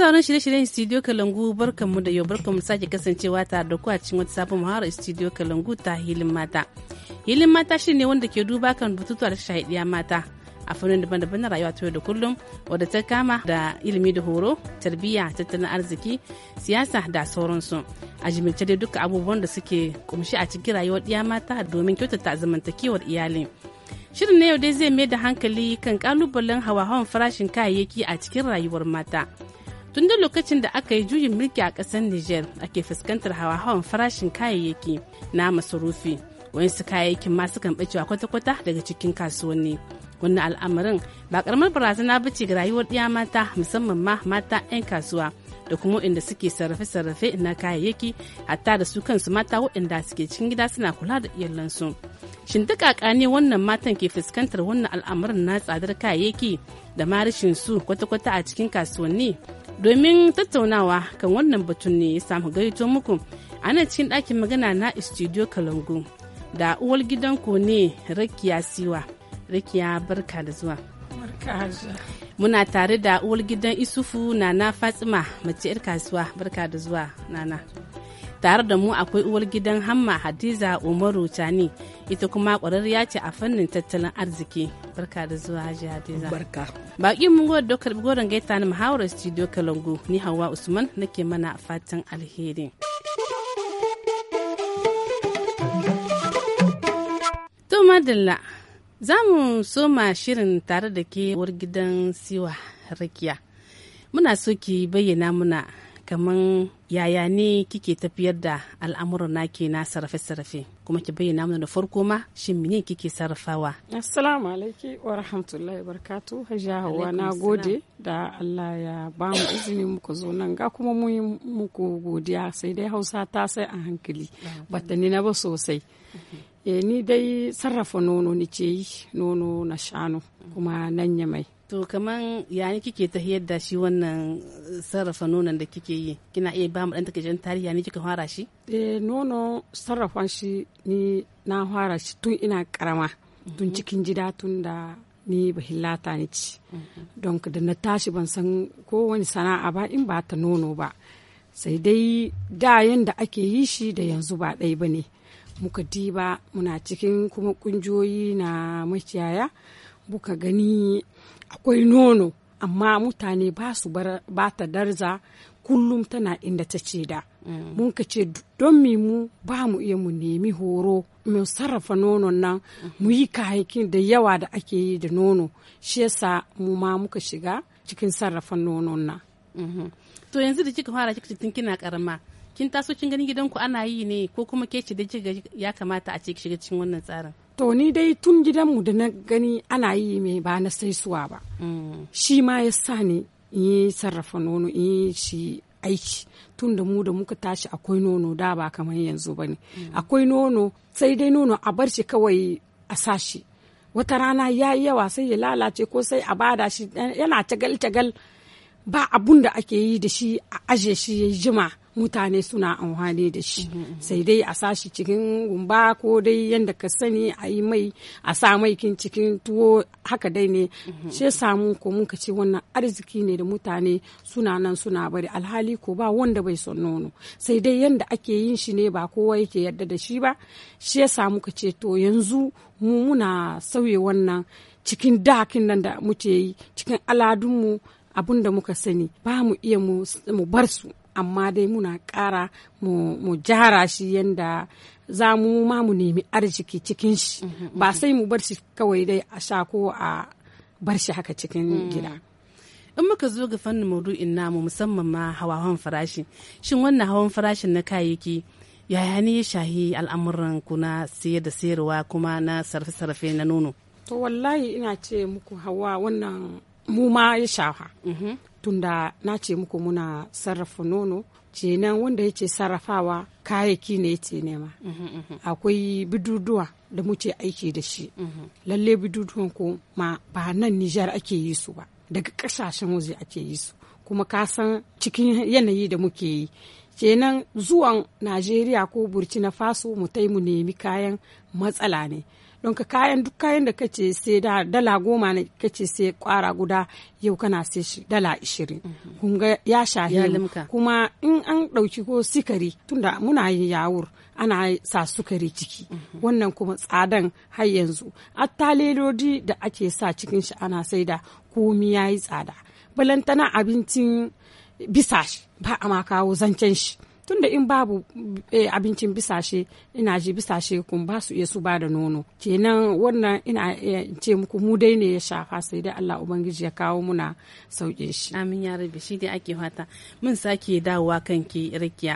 sauran shirye-shiryen studio kalangu barkanmu da yau barkanmu sake kasancewa tare da ku a cikin wata sabon muhawar studio kalangu ta hilin mata hilin mata shi ne wanda ke duba kan batutuwa da shahidiya mata a fannin daban-daban na rayuwa ta yau da kullum wadda ta kama da ilimi da horo tarbiyya tattalin arziki siyasa da sauransu a jimince dai duka abubuwan da suke kumshi a cikin rayuwar iya mata domin kyautata zamantakewar iyali shirin na yau dai zai mai da hankali kan kalubalen hawa-hawan farashin kayayyaki a cikin rayuwar mata tun da lokacin da aka yi juyin mulki a ƙasar niger ake fuskantar hawa-hawan farashin kayayyaki na masarufi wayansu kayayyakin ma sukan ɓacewa kwata-kwata daga cikin kasuwanni wannan al'amarin ba karamar barazana ba ce ga rayuwar ɗiya mata musamman ma mata 'yan kasuwa da kuma inda suke sarrafe-sarrafe na kayayyaki hatta da su kansu mata waɗanda suke cikin gida suna kula da iyalansu shin duk ne wannan matan ke fuskantar wannan al'amarin na tsadar kayayyaki da ma rashin su kwata-kwata a cikin kasuwanni domin tattaunawa kan wannan batun ne ya samu gaito muku ana cikin ɗakin magana na studio kalangu da uwar gidanku ne rakiya siwa rakiya barka da zuwa muna tare da uwar gidan isufu nana fatima mace 'yar kasuwa barka da zuwa nana tare da mu akwai uwar gidan hamma hadiza umaru tani ita kuma kwararriya ce a fannin tattalin arziki barka da zuwa hajji hadiza barka baki mun gode da karbi goron gaita na muhawar studio kalangu ni hawa usman nake mana fatan alheri to madalla za mu soma shirin tare da ke wargidan siwa rakiya muna so ki bayyana muna kaman yaya ne kike tafiyar da al'amuran naki na sarrafe-sarrafe kuma ki bayyana mana da farko ma shin mene kike sarrafawa assalamu alaikum wa rahmatullahi barkatu hajiya hawa na gode da Allah ya ba mu izini muku zo nan ga kuma mu yi muku godiya sai dai hausa ta sai a hankali bata ni na ba sosai eh, ni dai sarrafa nono ni ce yi nono na shanu mhm. kuma nan ya mai to kaman ya ni kike tahiyar da shi wannan eh, sarrafa nonon da kike yi kina iya ba mu dan takaicen tarihi ya ne kika fara shi eh nono sarrafa shi ni na fara shi tun ina karama mhm. tun cikin gida tun da ni bahillata ni ci mhm. don da na tashi ban san ko wani sana'a ba in ba ta nono ba sai dai da yanda ake yi shi da yanzu ba ɗai ba ne muka diba muna cikin kuma kungiyoyi na makiyaya buka gani akwai nono amma mutane ba su ba ta darza kullum tana inda ta ce da mm. mun ka ce don mu ba mu iya mu nemi horo mu sarrafa nonon nan mu yi kayakin da yawa da ake yi da nono shi yasa mu ma muka shiga cikin sarrafa nonon nan mm-hmm. to yanzu da kika fara kika tun kina karama kin taso kin ganin gidanku ana yi ne ko kuma ke ci da ya kamata a ce ki shiga cikin wannan tsarin to ni dai tun gidanmu da na gani ana yi mai ba na saisuwa ba mm. shi ma ya sa ni in yi sarrafa nono in yi shi aiki tun da mu da muka tashi akwai nono da ba kamar yanzu ba ne mm. akwai nono sai dai nono a bar shi kawai a sashi wata rana ya yi yawa sai ya lalace ko sai a bada shi yana tagal tagal ba abun da ake yi da shi a aje shi ya jima mutane suna amfani da shi mm-hmm, mm-hmm. sai dai a sashi cikin gumba ko dai yadda ka sani a yi mai a sa mai cikin tuwo haka dai ne mm-hmm. shi samu ko mun ka ce wannan arziki ne da mutane suna nan suna bari alhali ko ba wanda bai son nono sai dai yadda ake yin shi ne ba kowa yake yadda da shi ba shi ya samu ka ce to yanzu mu muna sauye wannan cikin dakin nan da muke yi cikin aladunmu abin da muka sani ba mu iya mu bar su amma dai muna ƙara mu jara shi yadda za mu ma mu nemi arziki cikin shi mm-hmm, mm-hmm. ba sai mu bar shi kawai dai a sha ko a bar shi haka cikin mm. gida. in muka zo ga fannin maudu'in namu musamman ma hawan farashi shin wannan hawan farashin na kayayyaki yaya ne ya shahi al'amuran ku na sayar da sayarwa kuma na sarfe-sarfe na nono to wallahi ina ce muku hawa wannan mu ma ya shafa mm-hmm. tunda na ce muku muna sarrafa nono kenan wanda yake sarrafawa kayayyaki ne yake nema mhm, mhm. akwai bidudduwa da muke aiki da shi mhm. lalle bidudduwan ko ma ba nan nijar ake yi su ba daga kasashen waje ake yi su kuma ka san cikin yanayi da muke yi kenan zuwan najeriya ko burkina faso mu mu nemi kayan matsala ne don ka kayan duk kayan da kace sai da dala goma ne kace sai kwara guda yau kana sai shi dala ishirin mhm. kun ga ya shahi kuma in an ɗauki ko sikari tunda muna yin yawur ana sa sukari ciki mhm. wannan kuma tsadan har yanzu attalelodi da ake sa cikin shi ana saida komi yayi tsada balantana abincin bisa shi ba a ma kawo zancen shi tunda in babu eh, abincin bisashe ina ji bisashe kun ba su iya su ba da nono kenan wannan ina ce muku mu dai ne ya shafa sai dai Allah ubangiji ya kawo muna sauke shi amin ya rabi shi dai ake fata mun sake dawowa kanki rakiya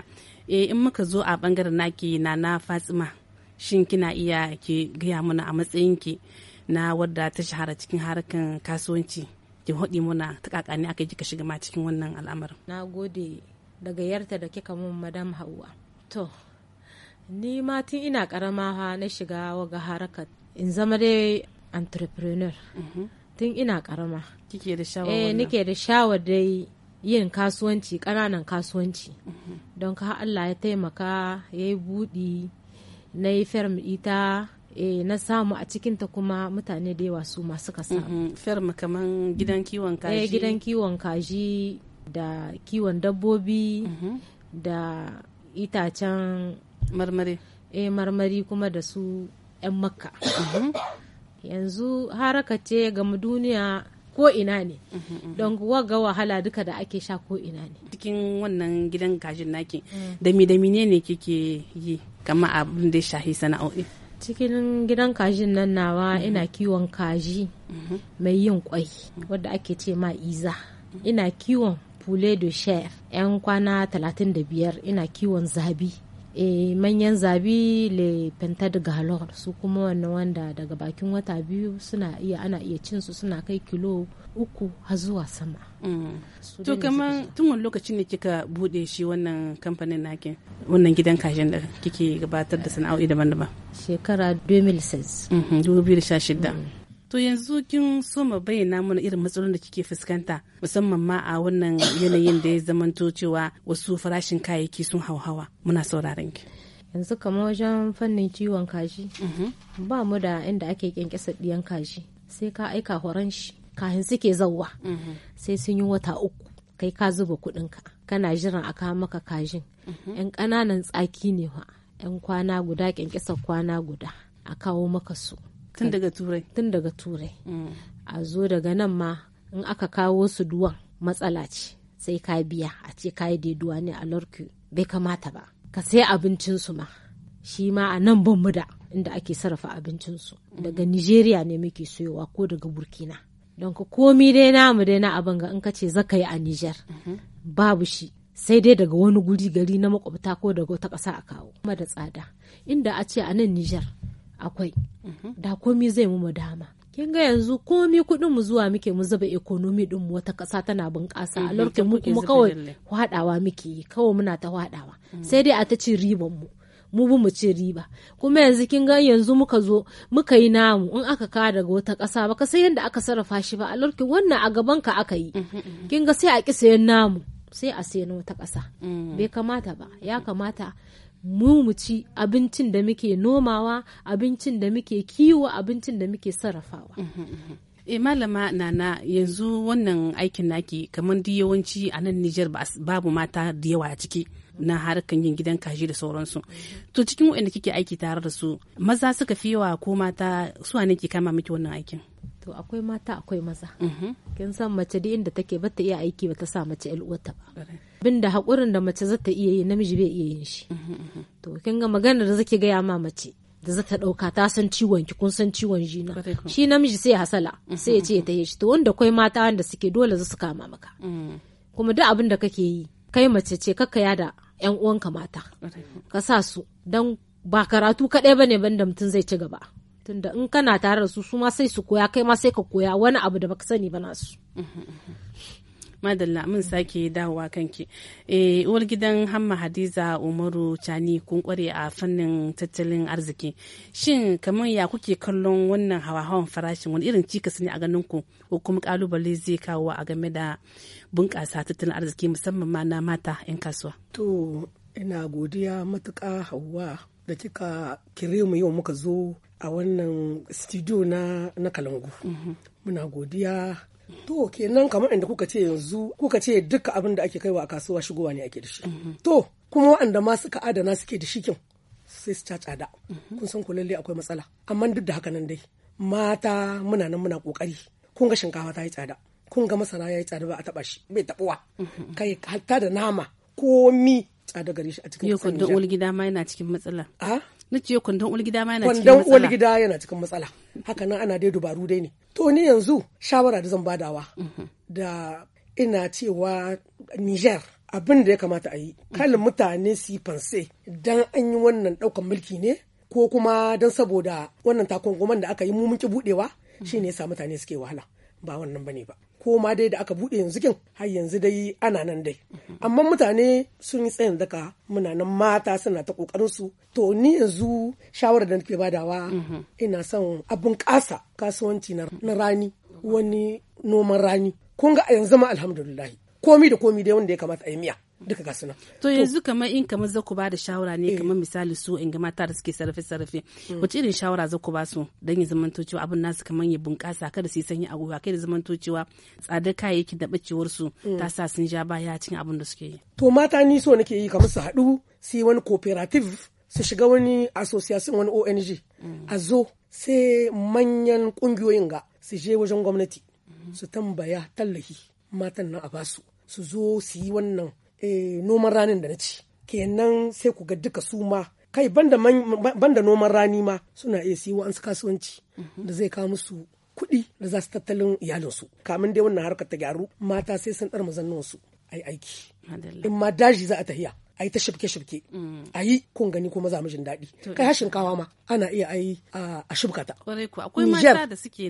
eh in muka zo a bangaren naki na na fatsima shin kina iya ke gaya mana a matsayinki na wadda ta shahara cikin harkan kasuwanci ki haɗi muna ta kakani aka ji ka shiga ma cikin wannan al'amarin na gode daga yarta da kika mun madam Hauwa. To, ni ma tun ina karama na shiga waga harakar in zama dai entrepreneur. Mhm. Tun ina karama. Kike da shawar Eh, nike da shawar dai yin kasuwanci, ƙananan kasuwanci. Mhm. Don ka Allah ya taimaka, ya yi buɗi, na yi ferm ita, e, na samu a cikinta kuma mutane da yawa su masu kasa mhm. kaman gidan kiwon eh, kaji. Eh, gidan kiwon kaji da kiwon dabbobi mhm. da itacen marmari e marmari kuma da su 'yan makka mhm. yanzu haraka ce gama duniya ko ina ne mhm, don ga wahala duka da ake sha ko ina ne cikin wannan gidan kashin naki mm. dami dami ne ne kike yi kama abin da shahi sana'o'i cikin gidan kajin nan nawa ina kiwon kaji mai yin kwai wadda ake ce ma iza ina kiwon pule de share yan kwana 35 ina kiwon zabi e, manyan zabi le penta de galor su kuma wannan wanda daga bakin wata biyu suna iya ana iya cin su suna kai kilo uku har zuwa sama mm. to kamar tun wani lokacin ne kika bude shi wannan kamfanin naki wannan gidan kashin da kike gabatar da sana'o'i daban-daban shekara 2016 2016 To yanzu kin soma bayyana mana irin matsalolin da kike fuskanta musamman ma a wannan yanayin da ya zamanto cewa wasu farashin kayayyaki sun hauhawa muna sauraron ki. Yanzu kamar wajen fannin ciwon kaji mhm. ba mu da inda ake kyankyasa ɗiyan kaji sai ka aika horon shi kahin suke zauwa mhm. sai sun yi wata uku kai ka zuba kuɗinka kana jiran a kawo maka kajin. Mhm. Yan ƙananan tsaki ne fa. yan kwana guda kyankyasa kwana guda a kawo maka su. tun daga turai tun daga turai a zo daga nan ma in aka kawo su duwan matsala ce sai ka biya a ce ka yi daiduwa ne a lorke bai kamata ba ka sai su ma shi ma a nan ban muda inda ake sarrafa abincinsu daga nigeria ne muke soyowa ko daga burkina don ka komi dai mu dai na abin ga in ka ce zaka yi a niger babu shi sai dai daga wani guri gari na makwabta ko daga wata ƙasa a kawo kuma da tsada inda a ce a nan niger akwai mhm. da komi zai mu dama kin ga yanzu komi kuɗin mu zuwa muke mu zuba economy din wata ƙasa tana bunƙasa mhm, a lokacin mu kuma kawai hwadawa muke kawai muna ta hwadawa mhm. sai dai a ta ci riban mu mu bu mu ci riba kuma yanzu kin ga yanzu muka zo muka yi namu in aka kawo daga wata ƙasa ba ka san yadda aka sarrafa shi ba a lokacin wannan a gaban ka aka yi kin ga sai a ƙi sayan namu sai a sayi na wata ƙasa bai kamata ba ya kamata mu mu ci abincin da muke nomawa abincin da muke kiwo abincin da muke sarrafawa e malama nana yanzu wannan aikin naki kamar duk yawanci a nan Nijar babu mata da yawa a ciki na harkan yin gidan kaji da sauransu to cikin waɗanda kike aiki tare da su maza suka fi yawa ko mata su ne ke kama miki wannan aikin to akwai mata akwai maza mhm. kin san mace da inda take bata iya aiki bata sa mace uwata ba bin da haƙurin da mace zata iya yi namiji bai iya yin shi mhm, mhm. to kin ga maganar da zake gaya ma mace da zata ɗauka ta san ciwon ki kun san ciwon jina shi namiji sai hasala sai ya ce ta yi shi to wanda akwai mata wanda suke dole za su kama maka mm. kuma duk abin da kake yi kai mace ce kakka da yan uwanka mata ka sa su dan ba karatu kadai bane banda mutum zai ci gaba tunda in kana tare da su su ma sai su koya kai ma sai ka koya wani abu da baka sani ba nasu madalla mun sake dawowa kanki eh uwar gidan hamma hadiza umaru cani kun kware a fannin tattalin arziki shin kamar ya kuke kallon wannan hawa-hawan farashin wani irin cikas ne a ganin ku ko kuma kalubale zai kawo a game da bunƙasa tattalin arziki musamman ma na mata 'yan kasuwa to ina godiya matuƙa hawa da kika kire mu yau muka zo a wannan studio na, na kalangu muna godiya to kenan kamar inda kuka ce yanzu kuka ce duka abin da ake kaiwa a kasuwa shigowa ne ake da shi to kuma waɗanda ma suka adana suke da shi kyau sai su caca da kun san kulalle akwai matsala amma duk da haka nan dai mata muna nan muna kokari kun ga shinkafa ta yi tsada kun ga masara ya yi tsada ba a taba shi bai tabuwa kai hatta da nama komi tsada gare shi a cikin yau kan gida ma yana cikin matsala a ah? na ce kwandon ulgida ma yana cikin matsala kwandon ulgida yana cikin matsala haka nan ana dai dubaru dai ne to ni yanzu shawara da zan badawa da ina cewa Niger abin da ya kamata a yi kalin mutane su yi fanse dan an yi wannan daukan mulki ne ko kuma dan saboda wannan takunkuman da aka yi mu muke budewa shine yasa mutane suke wahala ba wannan bane ba ko ma dai da aka buɗe yanzu kin har yanzu dai ana nan dai amma mutane sun yi tsayin daka muna nan mata suna ta kokarin su to ni yanzu shawarar da nake badawa ina son abun ƙasa kasuwanci na rani wani noman rani kun ga a yanzu ma alhamdulillah komi da komi dai wanda ya kamata a yi miya duka ga suna. To yanzu kamar in kamar za ku ba da shawara ne eh. kamar misali su in ga mata da suke sarrafe sarrafe mm. wace irin shawara za ku ba su don ya zamanto cewa abin nasu kamar ya bunƙasa kada su yi sanyi a gwiwa kada zamanto cewa tsadar kayayyaki da bacewar su mm. ta sa sun ja baya cikin abin da suke yi. To mata ni so nake yi kamar su haɗu su wani cooperative su shiga wani association wani ONG mm. a zo sai manyan ƙungiyoyin ga su je wajen gwamnati mm-hmm. su tambaya tallafi matan nan a basu. su zo su yi wannan eh, noman ranin da na ci kenan sai ku ga duka su ma kai banda, da noman rani ma suna iya siyo an kasuwanci da zai kawo musu kuɗi da za su tattalin iyalinsu kamin dai wannan harkar ta gyaru mata sai sun ɗar mazannansu ai aiki in ma daji za a tahiya a yi ta shibke-shibke mm. a yi kun gani kuma za mu jin daɗi kai har shinkawa ma ana iya yi a shibka ta akwai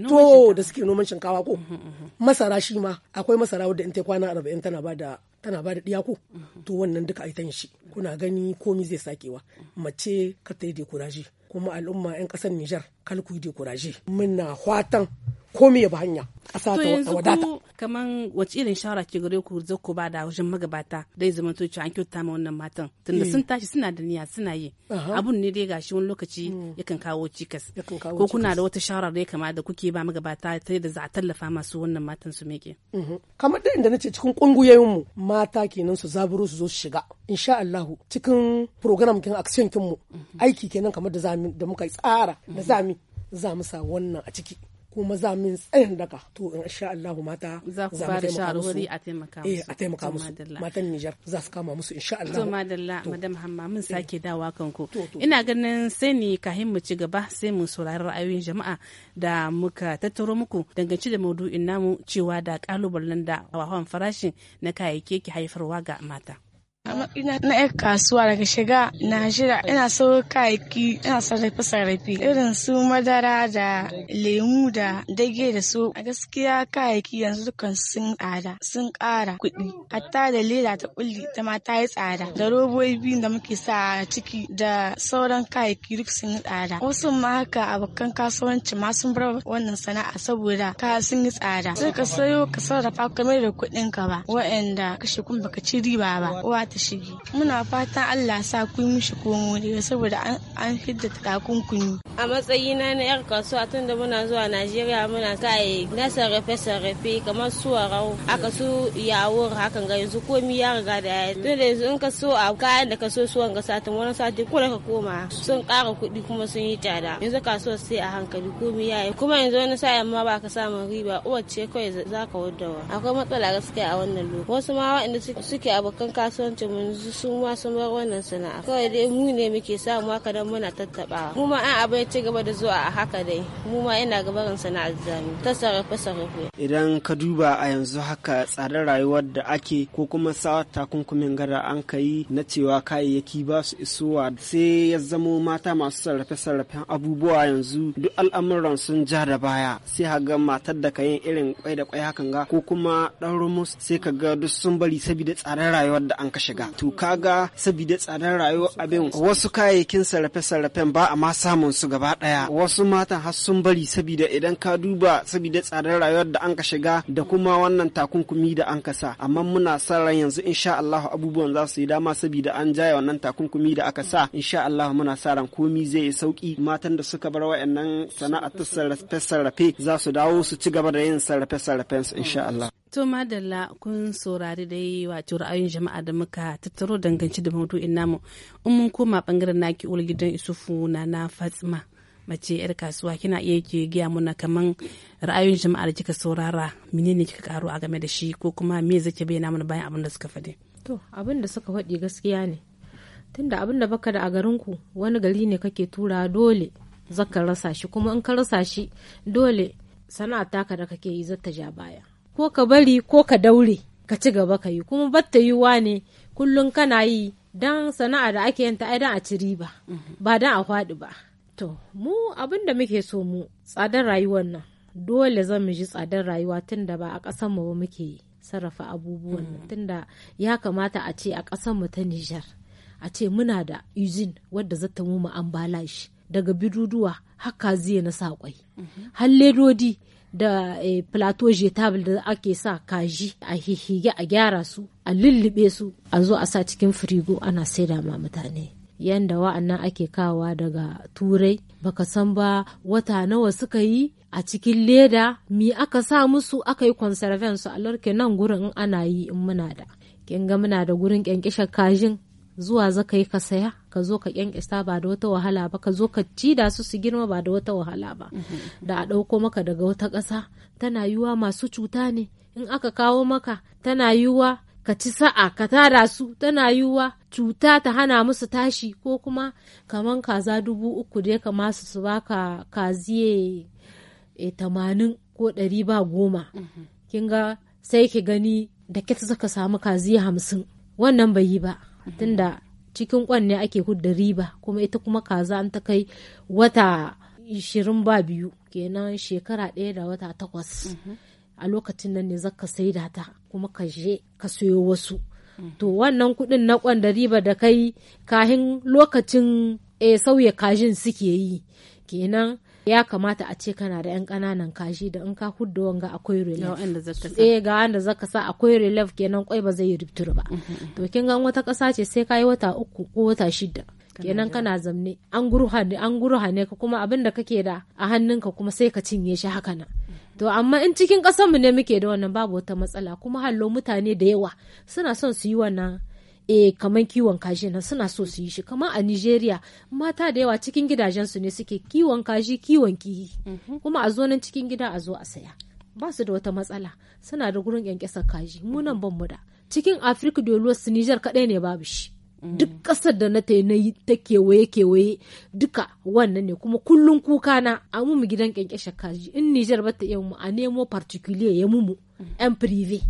to da suke noman shinkawa ko mm-hmm, mm-hmm. masara shi ma akwai masara wadda in ta kwana arba'in tana ba da tana ba da mm-hmm. to wannan duka a yi shi kuna gani komi zai sakewa mace ka ta yi kuraje. kuma al'umma 'yan ƙasar Nijar kalku yi kuraje. muna fatan ko ya ba hanya ƙasa ta wadata kaman wace irin shawara ke gare ku za ku ba da wajen magabata dai zama to an kyauta ma wannan matan tunda eh. sun tashi suna da niyya suna yi abun ne dai gashi wani lokaci mm. yakan kawo cikas ko kuna da wata shawara da ya kama da kuke ba magabata ta yadda za a tallafa masu wannan matan su meke mhm. kamar da inda nace cikin kungiyoyin mu mata kenan su zaburo su zo su shiga insha allahu cikin program kin action kin mu mhm. aiki kenan kamar da zamu da muka tsara da zamu za mu sa wannan a ciki kuma za min tsayin daga to in sha Allah mata za ku fara shawarwari a taimaka musu eh a taimaka musu matan Nijar za su kama musu insha Allah to madalla madam Hamma mun eh. sake dawa kanku ina ganin sai ni kahin mu ci gaba sai mu saurari ra'ayoyin jama'a da muka tattaro muku dangance da maudu'in namu cewa da kalubalen da hawan farashin na kayayyaki ke haifarwa ga mata ina na yar kasuwa daga shiga na shida ina sauro kayayyaki ina sarrafe sarrafi irin su madara da lemu da dage da su a gaskiya kayayyaki yanzu dukan sun tsada sun kara kuɗi hatta da leda ta kulli ta ma ta yi tsada da robobi da muke sa ciki da sauran kayayyaki duk sun yi tsada wasu ma haka abokan kasuwanci ma sun bar wannan sana'a saboda ka sun yi tsada sai ka sayo ka sarrafa kamar da kuɗin ka ba wa'anda kashe kun baka ci riba ba ta shige muna fatan allah sa ku yi mishi komo saboda an fidda takunkumi a matsayina na yar kasuwa tun da muna zuwa najeriya muna kai na sarrafe sarrafe kamar su warau aka su wuri hakan ga yanzu komi ya riga da yayi. tun da yanzu in ka so a kayan da ka so suwan ga satin wani sati ka koma sun kara kuɗi kuma sun yi tsada yanzu kasuwar sai a hankali komi ya yi kuma yanzu wani sa'in ma ba ka samu riba uwa ce kawai za ka wa. akwai matsala gaskiya a wannan lokaci wasu ma waɗanda suke abokan kasuwanci lokacin su ma sun bar wannan sana'a kawai dai mu ne muke samu haka dan muna tattabawa mu ma an abai ci gaba da zuwa a haka dai mu ma ina gabarin sana'ar zamu ta sarrafa sarrafa idan ka duba a yanzu haka tsadar rayuwar da ake ko kuma sa takunkumin gara an kai na cewa kayayyaki ba su isowa sai ya zamo mata masu sarrafe sarrafen abubuwa yanzu duk al'amuran sun ja da baya sai ga matar da ka irin kwai da kwai hakan ga ko kuma ɗan rumus sai ka ga duk sun bari saboda tsadar rayuwar da an kashe shiga to kaga saboda tsadar rayuwar abin wasu kayayyakin sarrafe-sarrafen ba a ma samun su gaba daya wasu matan har sun bari saboda idan ka duba saboda tsadar rayuwar da an ka shiga da kuma wannan takunkumi da an ka sa amma muna sa ran yanzu insha Allah abubuwan za su yi dama sabida an jaya wannan takunkumi da aka sa insha Allah muna sa ran komi zai yi sauki matan da suka bar sana'a ta sarrafe-sarrafe za su dawo su ci gaba da yin sarrafe-sarrafen su insha Allah To madalla kun saurari dai wato ra'ayin jama'a da muka tattaro danganci da maudu'in namu in mun koma bangaren naki ul gidan isufu na na fatsima mace yar kasuwa kina iya ke giya muna kaman ra'ayoyin jama'a da kika saurara menene kika karo a game da shi ko kuma me zake bayyana mana bayan abin da suka faɗi. To abin da suka faɗi gaskiya ne tunda abin da baka da a garin ku wani gari ne kake tura dole zaka rasa shi kuma in ka rasa shi dole sana'a taka da kake yi zata ja baya. ko ka bari ko ka daure ka ci gaba ka yi kuma batta ne kullum kana yi dan sana'a da ake yanta ai a ci riba ba dan a faɗi ba to mu abin da muke so mu tsadar rayuwar nan dole zan mu ji tsadar rayuwa tun da ba a ƙasar mu ba muke sarrafa abubuwan nan mm. tun da ya kamata a ce a ƙasar mu ta Nijar a ce muna da izin wadda zata mu mu ambalashi daga biduduwa haka ziya na saƙwai mm-hmm. har ledodi da e, plateau jetable da ake sa kaji a hihige a gyara su a lullube su a zo a sa cikin firigo ana saida ma mutane yanda wa'annan ake kawa daga turai baka san ba wata nawa suka yi a cikin leda mi aka sa musu aka yi conservance su a nan gurin ana yi in muna da kinga muna da gurin kyankyashar kajin zuwa za ka yi ka saya ka zo ka kyankyasta ba da wata wahala ba ka zo ka ci da su su girma ba da wata wahala ba mm-hmm. da a ɗauko maka daga wata ƙasa tana yiwuwa masu cuta ne in aka kawo maka tana yiwuwa ka ci sa'a ka tara su tana yiwuwa cuta ta hana musu tashi ko kuma kaman kaza dubu uku da ya masu su baka kaziye e, tamanin ko ɗari ba goma mm-hmm. kin ga sai ki gani da kita zaka samu kaziye hamsin wannan bai yi ba tunda cikin kwan ne ake hudda riba kuma ita kuma kaza an ta kai wata ishirin ba biyu kenan shekara ɗaya da wata takwas a lokacin nan ne zaka sai da ta kuma ka je ka sayo wasu to wannan kuɗin na kwan da riba da kai kahin lokacin eh, sauya kajin suke yi kenan ya kamata a ce kana da yan ƙananan kashi da in ka hudu wanga akwai relief eh ga wanda zaka sa akwai relief kenan kwai ba zai yi rupture ba mm-hmm. to kin ga wata ƙasa ce sai kai wata uku ko wata shida kenan kana zamne an gurha ne an gurha ne ka kuma abin da kake da a hannunka kuma sai ka cinye shi haka nan mm-hmm. to amma in cikin mu ne muke da wannan babu wata matsala kuma hallo mutane da yawa suna son su yi wannan eh kaman kiwon kaji na suna so su yi shi kamar a Nigeria mata da yawa cikin gidajen su ne suke kiwon kaji kiwon kihi mhm. kuma a zo nan cikin gida a zo a saya ba su da wata matsala suna da gurin kyankyasar kaji munan nan ban mu da cikin afirka da su nijar kadai ne babu shi mhm. duk ƙasar da na ta yi ta kewaye kewaye duka wannan ne kuma kullun kuka na a mumu gidan kyankyashe kaji in Nijar ba ta mu a nemo particular ya mumu yan mhm. prive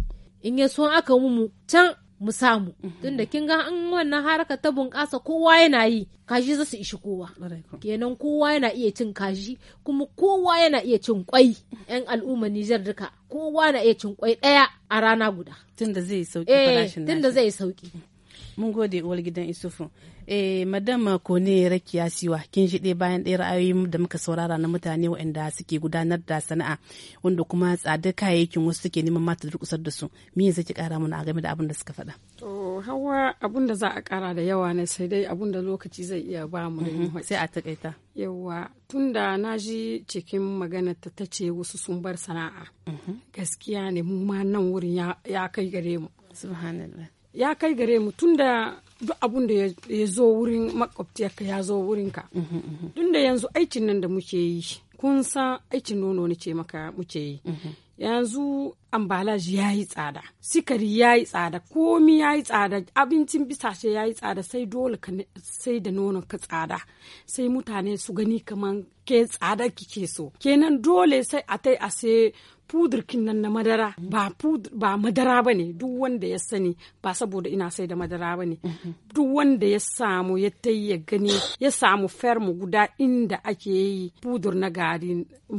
in ya so aka mumu can mu samu mhm. tunda kin ga an wannan haraka ta bunƙasa kowa yana yi kaji za su ishi kowa kenan kowa yana iya cin kaji kuma kowa yana iya cin kwai yan al'umma Nijar duka kowa na iya cin kwai ɗaya a rana guda tunda zai sauki eh, farashin tunda zai sauki mun gode uwar gidan isufu eh madama ko ne rakiya siwa kin shi bayan ɗaya ra'ayoyi da muka saurara na mutane waɗanda suke gudanar da sana'a wanda kuma tsada kayayyakin wasu suke neman mata durƙusar da su me yanzu ki ƙara mana a game da abin da suka faɗa to hawa abin da za a ƙara da yawa ne sai dai abin da lokaci zai iya ba mu mhm, sai a takaita yawa da na ji cikin maganar ta ta ce wasu sun bar sana'a mhm. gaskiya ne mu ma nan wurin ya kai gare mu subhanallah ya kai gare mu tunda duk abun da ya zo wurin makwabciyarka ya zo wurinka tunda yanzu aikin nan da muke yi kun san aikin nono ne ce maka muke yi yanzu ambalaji ya yi tsada sikari ya yi tsada komi ya yi tsada abincin bisashe ya yi tsada sai dole ka sai da nono ka tsada sai mutane su gani kaman ke tsada kike so kenan dole sai a tai a sai pudurkin nan na madara ba madara bane ne duk wanda ya sani ba saboda ina sai da madara bane ne mhm. duk wanda ya samu ya ta ya gani ya samu fermu guda inda ake yi pudur na gari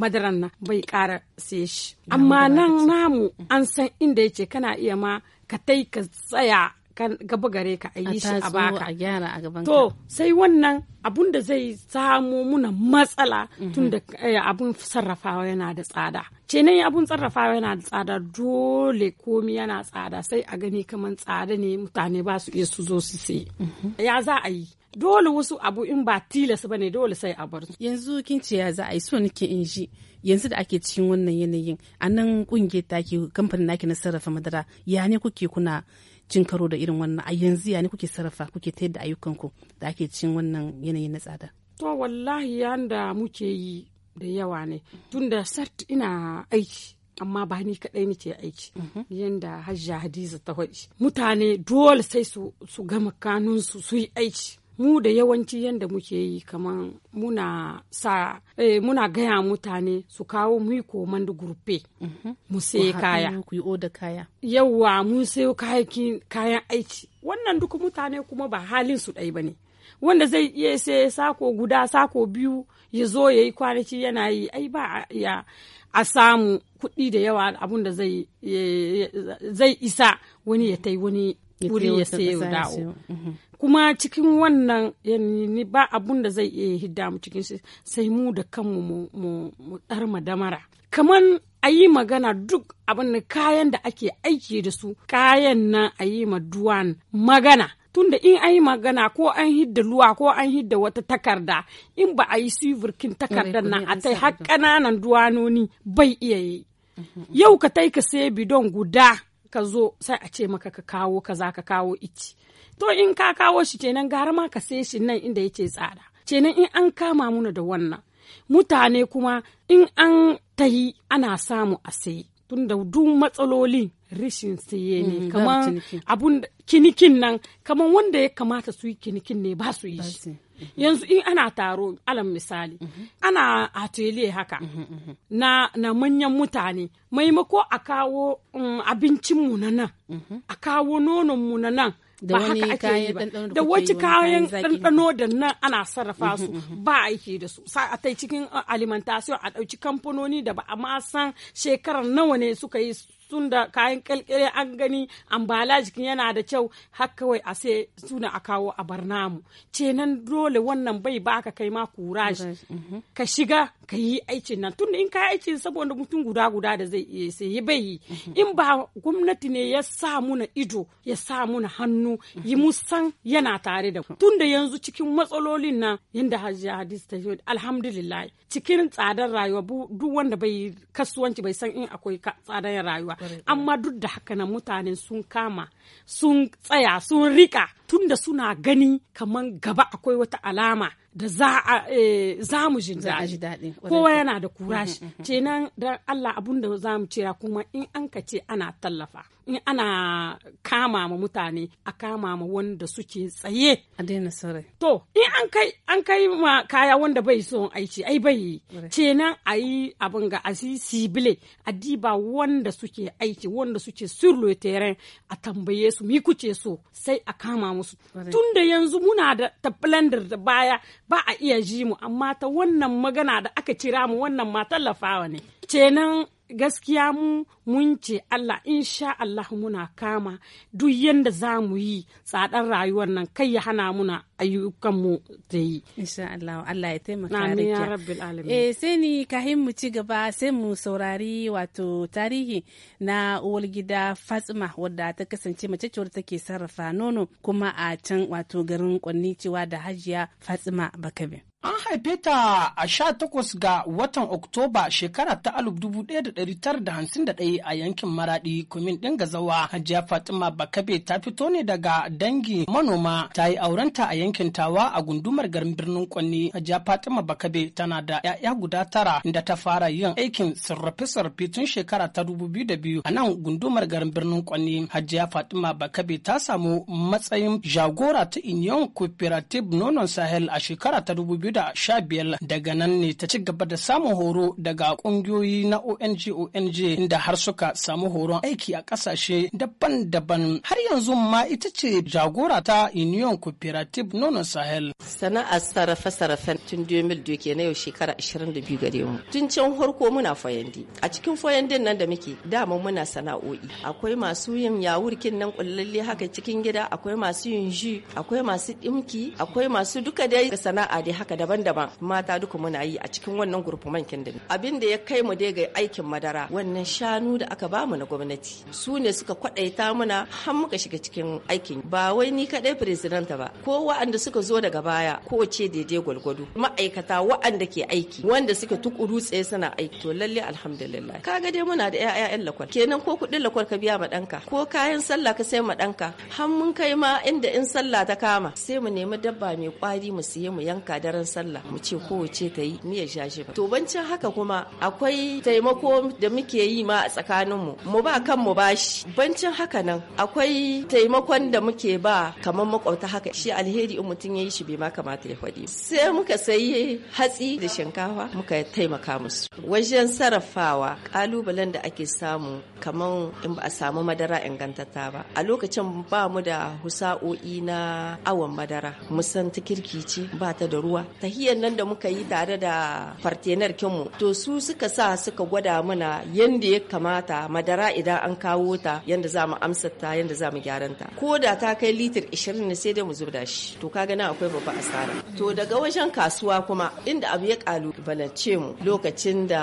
madaran na. bai kara sai shi amma nan namu mhm. an san inda yake kana iya ma ka tai ka tsaya gaba gare ka a yi shi a baka. a gyara a gaban To sai wannan abun da zai samo muna matsala mhm. tun da eh, abun sarrafawa yana da tsada. Ce nan abun sarrafawa yana da tsada dole komi yana tsada sai a gani kamar tsada ne mutane ba su iya su zo su sai. Mhm. Ya za a yi. Dole wasu abu in ba tilas ba ne dole sai a bar su. Yanzu kin ce ya za a yi so nake in ji. yanzu da ake cikin wannan yanayin a nan kungiyar take kamfanin naki na sarrafa madara ya ne kuke kuna cin karo da irin wannan a yanzu ya ne kuke sarrafa kuke tayar da ayyukanku da ake cin wannan yanayi na tsada to wallahi yanda muke yi da yawa ne tun da sart ina aiki amma ba ni kaɗai nake aiki mhm. yanda hajja hadiza ta faɗi mutane dole sai su gama kanunsu su yi aiki mu da yawanci yadda muke yi kamar muna sa eh, muna gaya mutane su kawo mhm. mu koman da gurfe mu sai kaya ku yi oda kaya yawa mu sai kayan aiki wannan duk mutane kuma ba halin su ɗai bane wanda zai iya sai sako guda sako biyu ya zo ya yi kwanaki yana yi ai ba ya a samu kuɗi da yawa abun da zai eh, isa wani ya tai wani wuri ya ya dawo mhm. kuma cikin wannan yanni ba abun da zai iya hidda mu cikin sai mu da kanmu mu ɗarma damara kaman a yi magana duk abin da kayan da ake aiki da su kayan nan a yi ma duwan magana tunda in an yi magana ko an hidda luwa ko an hidda wata takarda in ba a yi sivirkin takardar nan a yi har ƙananan duwanoni bai iya yi mhm. yau ka tai ka sai bidon guda ka zo sai a ce maka ka kawo ka za ka kawo ici to in ka kawo shi kenan gara ma ka sai shi nan inda yake tsada kenan in an kama muna da wannan mutane kuma in an tahi ana samu a sayi tunda duk matsalolin rishin saye ne mm, kamar abun kinikin nan kamar wanda ya kamata su yi kinikin ne ba su yi shi mm-hmm. yanzu in ana taro alam misali mm-hmm. ana atelier haka mm-hmm, na na manyan mutane maimako a kawo mm, abincinmu na nan a kawo nononmu na nan ba haka ake yi ba da wacce kayan ɗanɗano da nan ana sarrafa su ba aiki da su a ta cikin uh, alimentation a ɗauki kamfanoni da ba a ma san shekarar nawa ne suka yi sun da kayan kalkire an gani jikin yana da kyau har kawai a sai suna a kawo a barnamu cenan dole wannan bai baka kai ma kuraj mhm. ka shiga ka yi aikin nan tunda in ka yi aikin saboda mutum guda guda da zai iya sai yi bai yi mhm. in ba gwamnati ne ya sa muna ido ya sa muna hannu yi musan yana tare da mhm. tunda yanzu cikin matsalolin na yanda hajji hadis ta yi alhamdulillah cikin tsadar rayuwa duk wanda bai kasuwanci bai san in akwai tsadar rayuwa ba amma duk da haka nan mutanen sun kama sun tsaya sun rika tunda suna gani kaman gaba akwai wata alama da za a eh, za mu ji daɗi kowa yana da kurashi mm-hmm, mm-hmm. kenan dan Allah abun da za mu cira kuma in an ka ce ana tallafa in ana kama ma mutane a kama ma wanda suke tsaye a daina sarai to in an kai ma kaya wanda bai son aiki ai bai kenan a yi abin ga asisi bile a diba wanda suke aiki wanda suke sur a tambaye su mi kuce so sai a kama mu tunda tun da yanzu muna da ta da baya ba a iya ji mu amma ta wannan magana da aka cira mu wannan ma tallafawa ne kenan gaskiya mu mun ce Allah insha Allah muna kama duk yadda za mu yi tsadar rayuwar nan kai ya hana muna ayyukan mu ta yi insha Allah Allah ya taimaka ya rabbil alamin eh sai ni kahin mu ci gaba sai mu saurari wato tarihi na uwar gida Fatima wadda ta kasance mace ce take sarrafa nono kuma a can wato garin Kwanni cewa da Hajiya Fatima Bakabe An haife ta a sha takwas ga watan Oktoba shekara ta alif dubu ɗaya da ɗari tara da hamsin da ɗaya a yankin Maraɗi, kumin ɗin Gazawa. Hajiya Fatima Bakabe ta fito ne daga dangi manoma ta yi aurenta a yankin Tawa a gundumar garin birnin Kwanni. Hajiya Fatima Bakabe tana da ‘ya'ya guda tara da ta fara yin aikin sarrafe-sarrafe tun shekara ta dubu biyu da biyu a nan gundumar garin birnin Kwanni. Hajiya Fatima Bakabe ta samu matsayin jagora ta Union Cooperative Nonon Sahel a shekara ta dubu biyu biyar daga nan ne ta ci gaba da samun horo daga ƙungiyoyi na ONG ONG inda har suka samu horon aiki a kasashe daban-daban har yanzu ma ita ce jagora ta Union Cooperative Nono Sahel. sana'a sarrafe-sarrafen tun 2002 ke na yau shekara 22 gare mu. Tun can harko muna fayandi. A cikin fayandin nan da muke dama muna sana'o'i. Akwai masu yin yawurkin nan kullalle haka cikin gida, akwai masu yin ji, akwai masu dimki, akwai masu duka dai sana'a dai haka da daban-daban mata duka muna yi a cikin wannan man kindin abin da ya kai mu dai ga aikin madara wannan shanu da aka ba mu na gwamnati su ne suka kwadaita muna har muka shiga cikin aikin ba wai ni kadai president ba ko wa'anda suka zo daga baya ko ce daidai gwalgwado ma'aikata wa'anda ke aiki wanda suka tukuru tsaye suna aiki to lalle alhamdulillah kaga dai muna da ƴaƴan lakwal kenan ko kuɗin lakwal ka biya ma ɗanka ko kayan sallah ka sai ma ɗanka har mun kai ma inda in sallah ta kama sai mu nemi dabba mai kwari mu siye mu yanka daren ranar sallah mu ce kowace ta yi miyar shashi ba to bancin haka kuma akwai taimako da muke yi ma a tsakanin mu mu ba kan kanmu bashi bancin haka nan akwai taimakon da muke ba kamar makwabta haka shi alheri in mutum yayi shi bai ma kamata ya faɗi sai muka sayi hatsi da shinkafa muka taimaka musu wajen sarrafawa kalubalen da ake samu kamar in ba a samu madara ingantatta ba a lokacin ba mu da husa'o'i na awon madara musan ta kirki ce ba ta da ruwa tahiyar nan da muka yi tare da fartenar kinmu to su suka sa suka gwada mana yadda ya kamata madara idan an kawo ta yadda za mu amsa ta yadda za mu gyaran ta ko da ta kai litir 20 ne sai dai mu da shi to kaga na akwai babba asara to daga wajen kasuwa kuma inda abu ya kalu balance mu lokacin da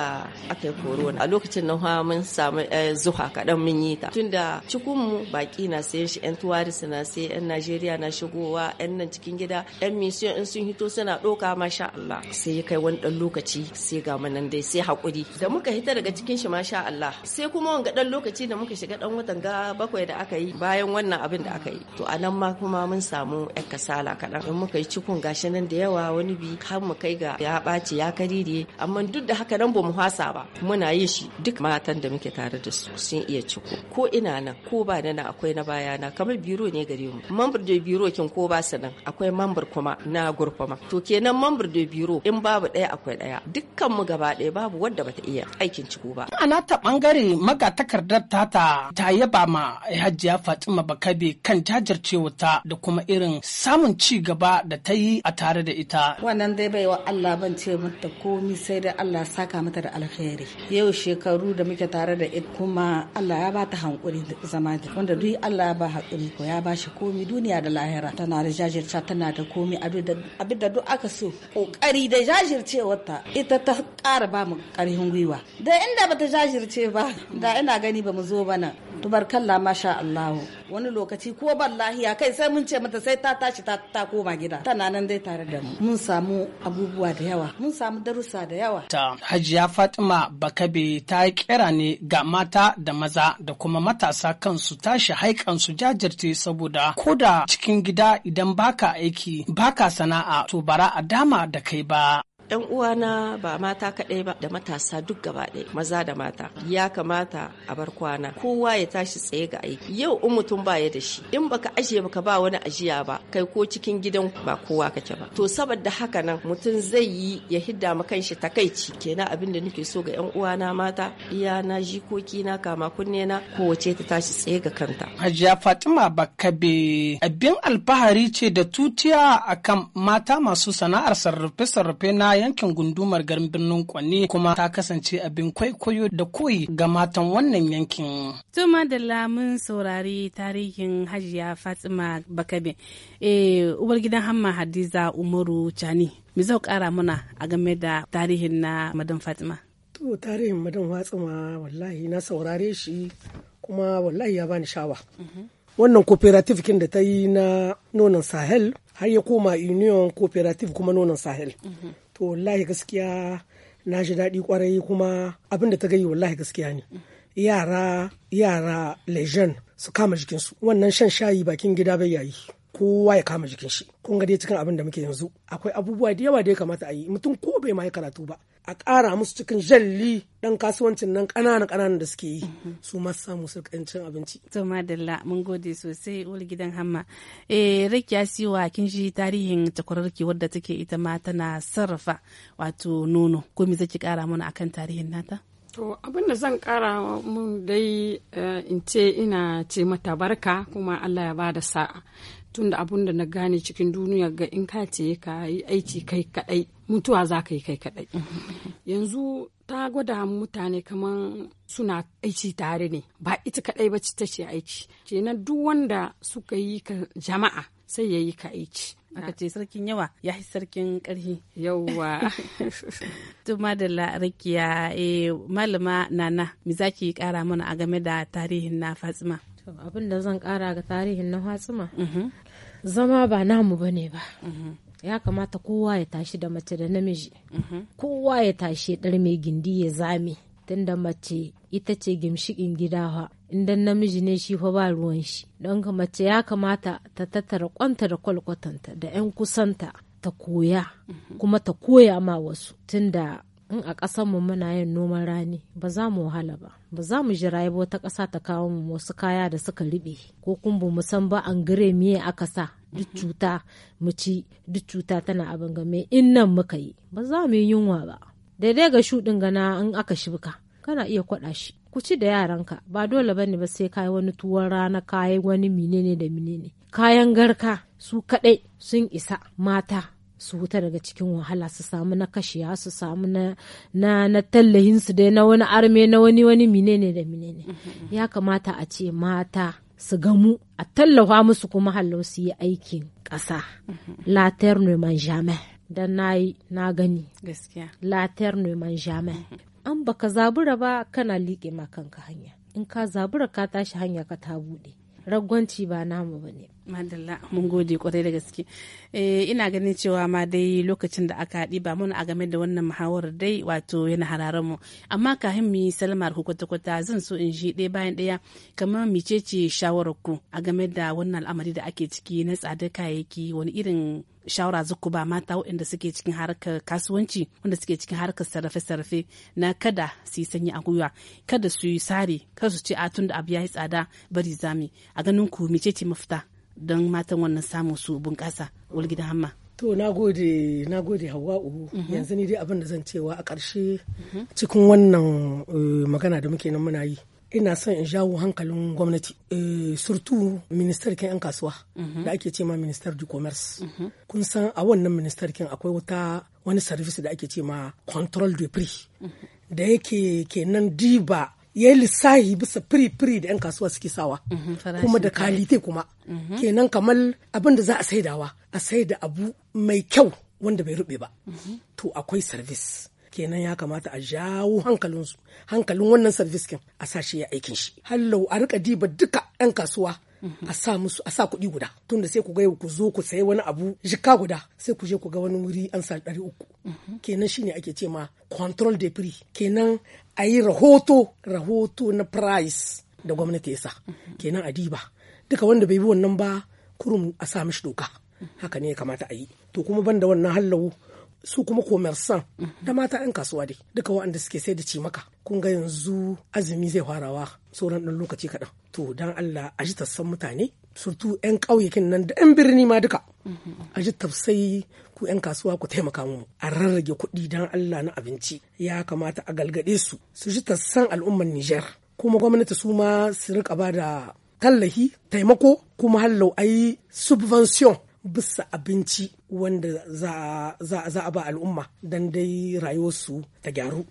aka yi korona a lokacin nan mun samu eh, zuha kaɗan mun yi ta tunda da mu baki na sayan shi yan tuwari suna sai yan najeriya na shigowa yan nan cikin gida yan misiyon in sun hito suna ɗoka ɗauka masha Allah sai ya kai wani ɗan lokaci sai ga manan dai sai hakuri da muka hita daga cikin shi masha Allah sai kuma wanga ɗan lokaci da muka shiga ɗan watan ga bakwai da aka yi bayan wannan abin da aka yi to a nan ma kuma mun samu ɗan kasala kaɗan in muka yi cikun gashi nan da yawa wani bi har mu kai ga ya ɓaci ya karire amma duk da haka nan ba mu hasa ba muna yin shi duk matan da muke tare da su sun iya ciko ko ina nan ko ba nan akwai na bayana kamar biro ne gare mu mambar da biro kin ko ba su nan akwai mambar kuma na gurfama to kenan sannan mambar da biro in babu ɗaya akwai ɗaya dukkan mu gaba ɗaya babu wadda bata iya aikin ciko ba a nata bangare magatakardar tata ta yaba ma hajiya fatima bakabe kan jajircewarta da kuma irin samun ci gaba da ta yi a tare da ita wannan dai wa Allah ban ce mata komi sai da Allah saka mata da alkhairi yau shekaru da muke tare da ita kuma Allah ya bata hankuri zama wanda duk Allah ya ba hakuri ko ya ba shi komi duniya da lahira tana da jajirce tana da komi abin da duk aka so kokari da ta. ita ta ƙara ba mu ƙarfin gwiwa da inda bata jajirce ba da ina gani ba mu zo ba nan tubarkalla masha Allah wani lokaci ko ban lahiya kai sai mun ce mata sai ta tashi ta ta koma gida tana nan dai tare da mu mun samu abubuwa da yawa mun samu darussa da yawa ta Hajiya Fatima Bakabe ta kira ne ga mata da maza da kuma matasa kansu tashi haikan su jajirce saboda koda cikin gida idan baka aiki baka sana'a to bara a dama da kai ba 'yan uwana ba mata kaɗai ba da matasa duk gaba ɗaya maza da mata ya kamata a bar kwana kowa ya tashi tsaye ga aiki yau in mutum baya da shi in baka ajiye baka ba wani ajiya ba kai ko cikin gidan ba kowa kake ba to saboda haka nan mutum zai yi ya hidda ma kanshi takaici kenan abin da nake so ga 'yan uwana mata iyana jikoki na kama kunne na kowace ta tashi tsaye ga kanta hajiya fatima Bakabe. abin alfahari ce da tutiya akan mata masu sana'ar sarrafe-sarrafe na a yankin gundumar garin birnin Kwanne kuma ta kasance abin kwaikwayo da koyi ga matan wannan yankin. Tuma da lamun saurari tarihin Hajiya Fatima Bakabe. Eh uwar gidan Hamma Hadiza Umaru Chani. Me zau kara mana a game da tarihin na Madan Fatima? To tarihin Madan Fatima wallahi na saurare shi kuma wallahi ya bani shawa. Mhm. Wannan cooperative kin da ta yi na nonon Sahel har ya koma Union Cooperative kuma nonon Sahel. Mhm. to wallahi gaskiya na ji daɗi kwarai kuma abin da ta gayi wallahi gaskiya ne yara yara lejen su kama jikinsu wannan shan shayi bakin gida bai yayi kowa ya kama jikin shi kun ga dai cikin abin da muke yanzu akwai abubuwa da yawa da ya kamata a yi mutum ko bai ma yi karatu ba a ƙara musu cikin jalli ɗan kasuwancin nan ƙananan ƙananan da suke yi su ma samu su cin abinci. to madalla mun gode sosai wani gidan hamma eh rakiya siwa kin shi tarihin takwararki wadda take ita ma tana sarrafa wato nono ko me zaki ƙara mana akan tarihin nata. To abin da zan kara mun dai eh, in ce ina ce mata barka kuma Allah ya ba da sa'a. tun da abun da na gane cikin duniya ga in ka ce ka yi aiki kai kadai mutuwa za ka yi kai kadai yanzu ta gwada mutane kamar suna aiki tare ne ba ita kadai ba ta ce aiki na duk wanda suka yi ka jama'a sai ya yi ka aiki aka ce sarkin yawa ya yi sarkin karhi yawa to madalla rakiya eh, malama nana me zaki kara mana a game da tarihin na fatsima abin da zan kara ga tarihin na hatsuma mhm. zama ba namu ba ne mhm. ba ya kamata kowa ya tashi da mace da namiji mhm. kowa ya tashi ɗar mai gindi ya zame tunda mace ita ce gimshikin gida inda namiji ne shi fa ba ruwan shi don ka mace ya kamata ta tattara kwanta da kwalkwatanta da 'yan kusanta ta koya kuma ta koya ma wasu tunda in a mu muna yin noman rani ba za mu wahala ba ba za mu jira ba wata ƙasa ta kawo mu wasu kaya da suka riɓe ko kun mu san ba an gire miye aka sa duk cuta mu ci duk cuta tana abin game in nan muka yi ba za mu yi yunwa ba daidai ga shuɗin gana in aka shibka kana iya kwaɗa shi ku ci da yaranka ba dole bane ba sai kayi wani tuwon rana kayi wani menene da menene kayan garka su kaɗai sun isa mata su wuta daga cikin wahala su samu na kashiya su samu na na, na tallahin su dai na wani arme na wani wani menene da menene mm-hmm. ya kamata a ce mata su gamu a tallafa musu kuma hallau su yi aikin ƙasa mm-hmm. la terre man jamais na yi na gani gaskiya la terre man an baka zabura ba kana liƙe ma kanka hanya in ka zabura ka tashi hanya ka ta buɗe ragwanci ba namu ba ne. Madalla mun gode kwarai da gaske. Eh, ina ganin cewa ma dai lokacin da aka ɗiba mana a game da wannan muhawarar dai wato yana hararen mu. Amma kafin mu yi salmar ku kwata-kwata zan so in shi ɗaya bayan ɗaya kamar micece shawararku a game da wannan al'amari da ake ciki na tsadar kayayyaki wani irin shawara zuku ba mata waɗanda suke cikin harkar kasuwanci wanda suke cikin harkar sarrafe-sarrafe na kada su yi sanyi a gwiwa kada su yi sare kada su ce a tun da abu ya yi tsada bari zami a ganin ku mece ce mafita don matan wannan samun su bunƙasa walgidan hamma to na gode na gode hawa'u mhm. yanzu ni dai abin da zan cewa a ƙarshe mhm. cikin wannan eh, magana da muke nan muna yi ina son in jawo hankalin gwamnati eh, surtu kin 'yan kasuwa mhm. da ake ce ma ministar du commerce mhm. kun san a wannan kin akwai wata wani service da ake ce ma control de prix mhm. da yake kenan diba ya yi lissahi bisa firi-firi da 'yan kasuwa suke sawa kuma da kalite kuma kenan kamar abin da za a saidawa a saida abu mai kyau wanda bai rube ba to akwai service kenan ya kamata a jawo hankalinsu hankalin wannan service kin a sashi ya aikin shi hallau a rika diba duka 'yan kasuwa a sa musu a sa kuɗi guda tunda sai ku ga ku zo ku sayi wani abu jika guda sai ku je ku ga wani wuri an sa ɗari uku kenan shine ake ce ma control de prix kenan a yi rahoto rahoto na price da gwamnati ya sa kenan a diba duka wanda bai bi wannan ba kurum a sa mishi doka haka ne ya kamata a yi to kuma banda wannan hallau su kuma komersan da mhm. mata 'yan kasuwa dai duka waɗanda suke sai da cimaka kun ga yanzu azumi zai farawa sauran ɗan lokaci kaɗan to dan Allah a ji tassan mutane surtu 'yan ƙauyakin nan da 'yan birni ma duka mhm. a ji tafsai ku 'yan kasuwa ku taimaka mu a rarrage kuɗi dan Allah na abinci ya kamata a galgade su su ji tassan al'ummar Nijar kuma gwamnati su ma su rika ba da tallahi taimako kuma hallau ayi subvention bisa abinci wanda za a ba al'umma don dai rayuwarsu ta gyaru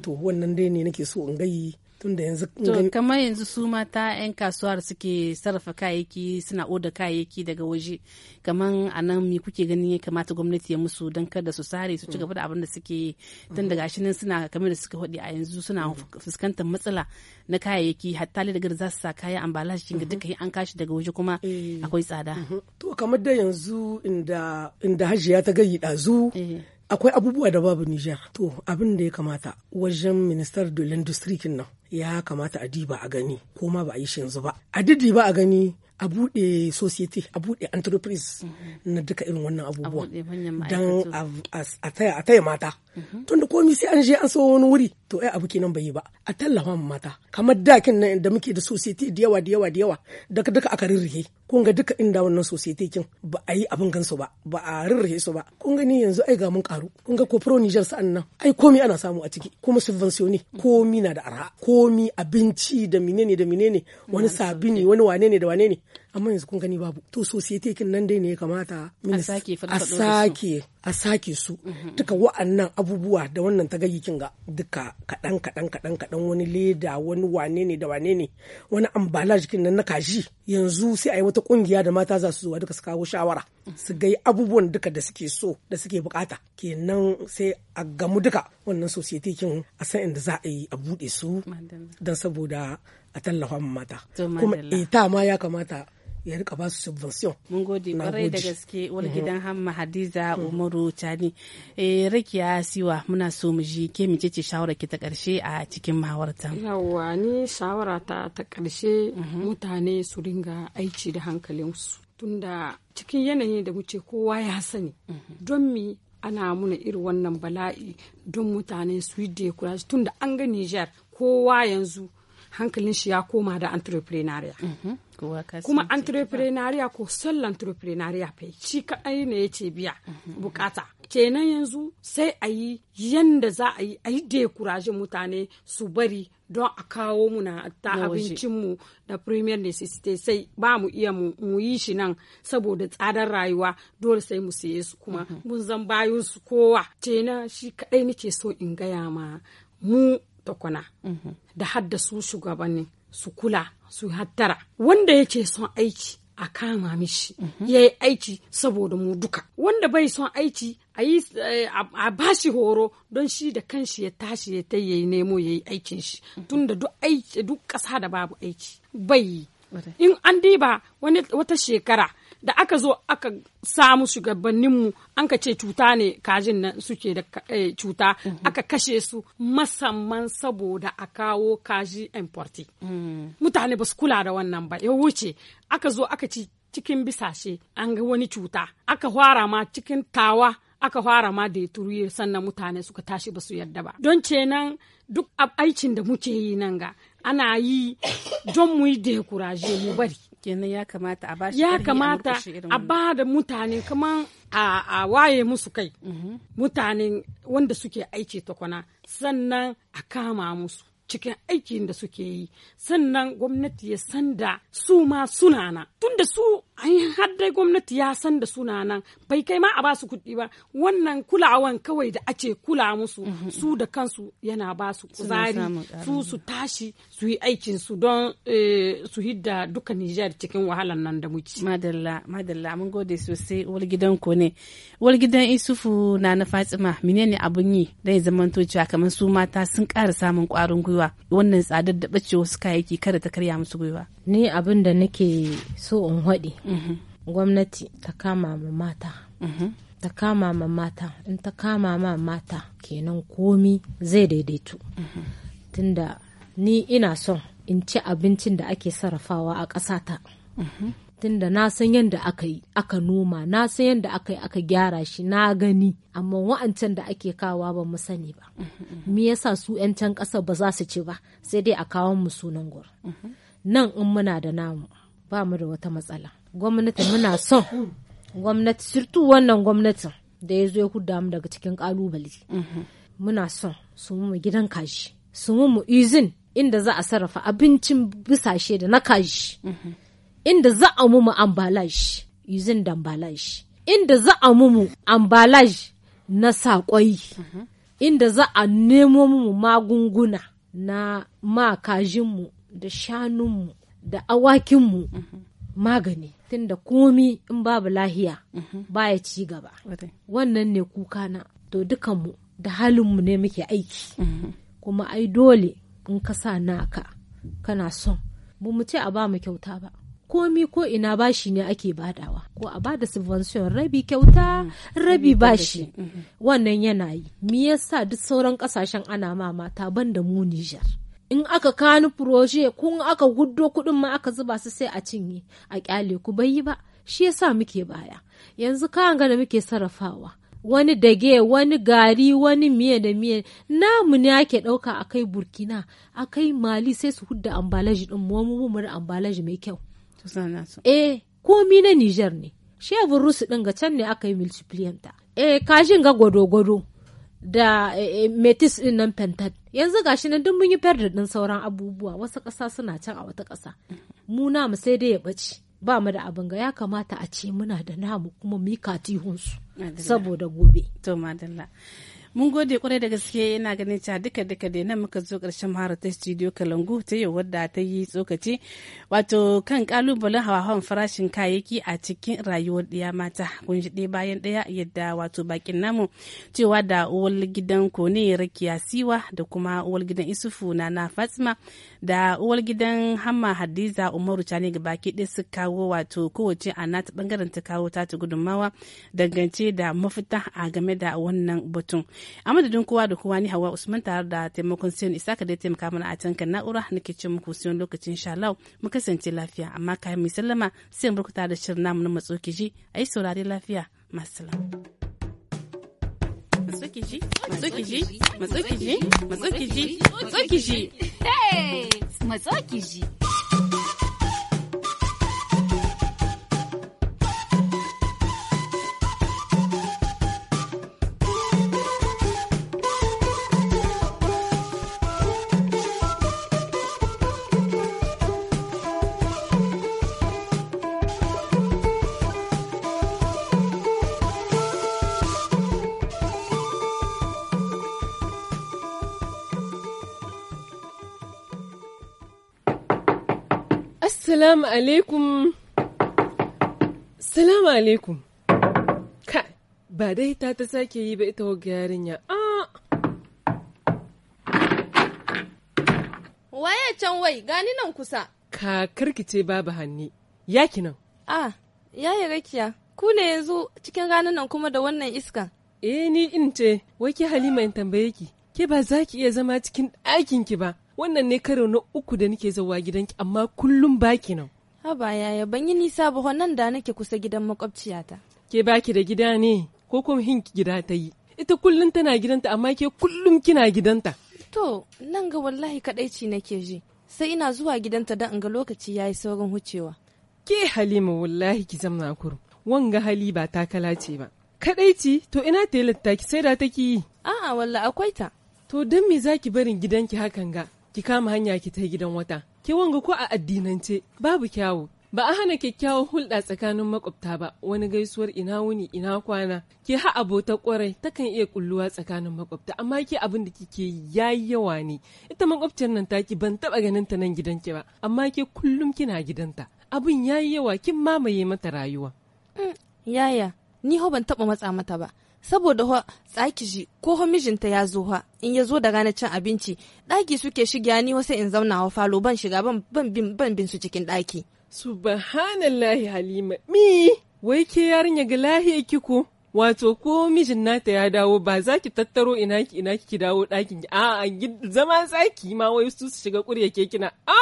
to wannan dai ne nake so in gayi tunda yanzu to kamar yanzu su mata yan kasuwar suke sarrafa kayayyaki suna oda kayayyaki daga waje kamar a nan me kuke ganin ya kamata gwamnati ya musu don kada su sare su ci gaba da abin da suke tun daga shi nan suna kamar da suka faɗi a yanzu suna mm. fuskantar matsala na kayayyaki hatta da daga za su sa kaya ambalashi kinga duka an kashi daga waje kuma eh. akwai tsada mm-hmm. to kamar da yanzu inda inda hajiya ta gayi zu. akwai abubuwa da babu Nijar. To abin da ya kamata wajen ministar dolin industry nan ya kamata a diba a gani ko ma ba a yi shi yanzu ba. A diba a gani a buɗe society a buɗe entreprise mhm. na duka irin wannan abubuwan don a taya mata Mhm. tunda komi sai an je an sayo wani wuri to ai abu kenan bai yi ba a tallafa mata kamar dakin nan da muke da society da yawa da yawa da yawa daga duka aka rirrihe kun ga duka inda wannan society kin ba a yi abin gansu ba ba a rirrihe su ba kun ga ni yanzu ai ga mun karu kun ga kofro Niger sa'an nan ai komi ana samu a ciki kuma subvention komi na da arha komi abinci da menene da menene wani sabini wani wane ne da wane ne amma yanzu kun gani babu to society kin nan dai ne ya kamata a sake a sake su duka wa'annan abubuwa da wannan ta ga duka kaɗan kaɗan kaɗan kaɗan wani leda wani wane ne da wane ne wani ambalaj kin nan na kaji yanzu sai a yi wata kungiya da mata za su zuwa duka su kawo shawara su gai abubuwan duka da suke so da suke bukata kenan sai a gamu duka wannan society a san inda za a yi a buɗe su don saboda a tallafa mata kuma ita eh, ma ya kamata ya rika ba su subvention mun gode kwarai da gaske wani mhm. gidan hamma hadiza mhm. umaru chani eh rakiya siwa muna so mu ji ke mu ce shawara ki ta karshe a cikin mahawarta yawa ni shawara ta ta karshe mhm. mutane su ringa aiki da su. tunda cikin yanayin da muke kowa ya sani don mi ana muna irin wannan bala'i don mutane su yi da tunda an ga Nijar kowa yanzu hankalin shi ya koma da entrepreneuria mhm. kuma entrepreneuria ko sol entrepreneuria fai shi kaɗai ne yace biya mhm. bukata kenan yanzu sai a yi yanda za a yi a yi mutane su bari don a kawo mu na ta abincinmu da premier necessity sai ba mu iya mu yi shi nan saboda tsadar rayuwa dole sai mu siye su kuma mhm. mun zan bayan su kowa kenan shi kaɗai nake so in gaya ma mu tokona mhm. da hadda su shugabanni su kula su hattara wanda yake son aiki a kama mishi mhm. ya yi aiki saboda mu duka wanda bai son aiki a eh, bashi horo don shi da kanshi ya tashi ya ta yi nemo ya yi aikin shi mhm. tunda duk duk ƙasa da babu aiki bai in an diba wata shekara da aka zo aka samu shugabanninmu an ka ce cuta ne kajin nan suke da eh, cuta mhm. aka kashe su masamman saboda a kawo kaji importi mm. mutane ba su kula da wannan ba ya wuce aka zo aka ci cikin bisashe an ga wani cuta aka fara ma cikin tawa aka fara ma da ya sannan mutane suka tashi ba su yadda ba don ce kenan duk aikin da muke yi nan ga ana yi don mu yi da mu bari kenan ya kamata a bashi ya kamata a ba da mutane kaman a waye musu kai mhm. mutane wanda suke aiki takwana sannan a kama musu cikin aikin da suke yi sannan gwamnati ya san da su ma sunana tunda tun da su an har dai gwamnati ya san da sunana bai kai ma a basu kuɗi ba wannan kulawan kawai da ace kula musu mhm. su da kansu yana basu kuzari su su tashi su yi aikin su don eh, su hidda duka Nijar cikin wahalan nan da muke madalla madalla mun gode sosai wal gidan ko ne wal gidan Isufu na na Fatima menene abun yi dai zamanto cewa kamar su mata sun ƙara samun ƙwarin gwiwa gwiwa wannan tsadar da ɓace wasu kayayyaki kada ta karya musu gwiwa ni abin da nake so in haɗi mhm. gwamnati ta kama ma mata mhm. ta kama ma mata in ta kama ma mata kenan komi zai daidaito. Mhm. tunda ni ina son in ci abincin da ake sarrafawa a ƙasata tunda na san yadda aka yi aka noma na san yadda aka yi aka gyara shi na gani amma wa'ancan da ake kawa ba mu sani ba me yasa su 'yan can ƙasa ba za su ci ba sai dai a kawo mu sunan gwar nan in muna da namu ba mu da wata matsala gwamnati muna son gwamnati sirtu wannan gwamnatin da ya zo ya kudda mu daga cikin kalubale muna son su mu gidan kaji su mu izin inda za a sarrafa abincin bisashe da na kaji inda za a mu ambalaj. dambalaj. inda za a mu ambalaj na saƙwai inda za a nemo mu magunguna na makajinmu da shanunmu da awakinmu magani tunda komi in babu lahiya baya ci gaba wannan ne kuka na. to dukanmu da halinmu ne muke aiki kuma ai dole in ka sa naka kana son ba mu ce a ba mu kyauta ba komi ko ina bashi ne ake badawa ko a bada subvention rabi kyauta mm, rabi bashi mm-hmm. wannan yana yi me yasa duk sauran kasashen ana ma mata ban da mu Nijar in aka kanu proje kun aka guddo kuɗin ma aka zuba su sai a cinye a kyale ku bai yi ba shi yasa muke baya yanzu ga da muke sarrafawa wani dage wani gari wani miye da miye namu ne ake ɗauka akai burkina akai mali sai su hudda ambalaji ɗin mu mu ambalaji mai kyau eh komi na Nijar ne shevin rusu ɗin ga can ne aka yi multipliyanta eh kajin ga gwado-gwado da eh, eh, metis ɗin nan yanzu gashi nan duk mun yi ferda ɗin sauran abubuwa wasu ƙasa suna can a wata ƙasa mu namu sai dai ya ɓaci ba mu da abin ga ya kamata a ce muna da namu kuma mu yi su saboda gobe to madalla mun gode kwarai da gaske yana ganin cewa duka duka da nan muka zo karshen mahara ta studio kalangu ta yau wadda ta yi tsokaci wato kan kalubalen hawan farashin kayayyaki a cikin rayuwar ɗaya mata kun ji ɗaya bayan ɗaya yadda wato bakin namu cewa da uwar gidan kone rakiya siwa da kuma uwar gidan isufu na na fatima da uwar gidan hamma hadiza umaru cani baki ɗaya su kawo wato kowace a nata bangaren ta kawo ta gudunmawa dangance da mafita a game da wannan batun a madadin kowa da kowa ni hawa usman tare da taimakon siyon isaka da taimaka mana a can kan na'ura nake ce muku siyon lokacin shalau mu kasance lafiya amma kayan mai sallama sai mu rukuta da shirin namu na matso kiji a yi saurari lafiya masu Matsukiji, Salamu alaikum. Salamu alaikum. Ka, ba dai ta ta sake yi ba ita wagga yarinya. Ah. Waye can wai gani nan kusa. Kakarki ce babu hanni. Yaki nan. Ah, yi rakiya. Ku yanzu cikin ranar nan kuma da wannan iska. Eh ni in ce, wai ke Halima in tambaye ki. Ke ba za ki iya zama cikin ɗakin ki ba. wannan ne karo na uku da nake gidan gidanki amma kullum baki nan haba yaya ban yi nisa ba wannan da nake kusa gidan makwabciyata ke baki da gida ne ko kuma hin gida ta yi ita kullum tana gidanta amma ke kullum kina gidanta to nan ga wallahi kadaici nake ji sai ina zuwa gidanta don in ga lokaci yayi saurin hucewa ke halima wallahi ki zamna kurum wanga hali ba takala ce ba kadaici to ina ta yi littaki sai da take yi a'a walla akwai ta to don me zaki barin gidanki hakan ga ki kama hanya ki ta gidan wata ki wanga ko a addinance babu kyawu ba a hana kyakkyawan hulɗa tsakanin makwabta ba wani gaisuwar ina wuni ina kwana ki ha abota kwarai kan iya kulluwa tsakanin makwabta amma ki abin da kike yayi yawa ne ita makwabciyar nan taki ban taba ganin ta nan gidan ki ba amma ke kullum kina gidanta abin yayi yawa kin mamaye mata rayuwa mm, yaya ni ho ban taba matsa mata ba saboda ho tsaki shi ko mijinta ya zo ha in ya zo da ranar cin abinci ɗaki suke shiga ni wasu in zauna wa falo ban shiga ban bin su cikin ɗaki. subhanallahi halima mi wai ke yarinya ga lahiya kiko wato ko mijin nata ya dawo ba za ki tattaro ina ki ina ki dawo ɗakin ki a'a zama tsaki ma wai su su shiga ƙurya ke kina a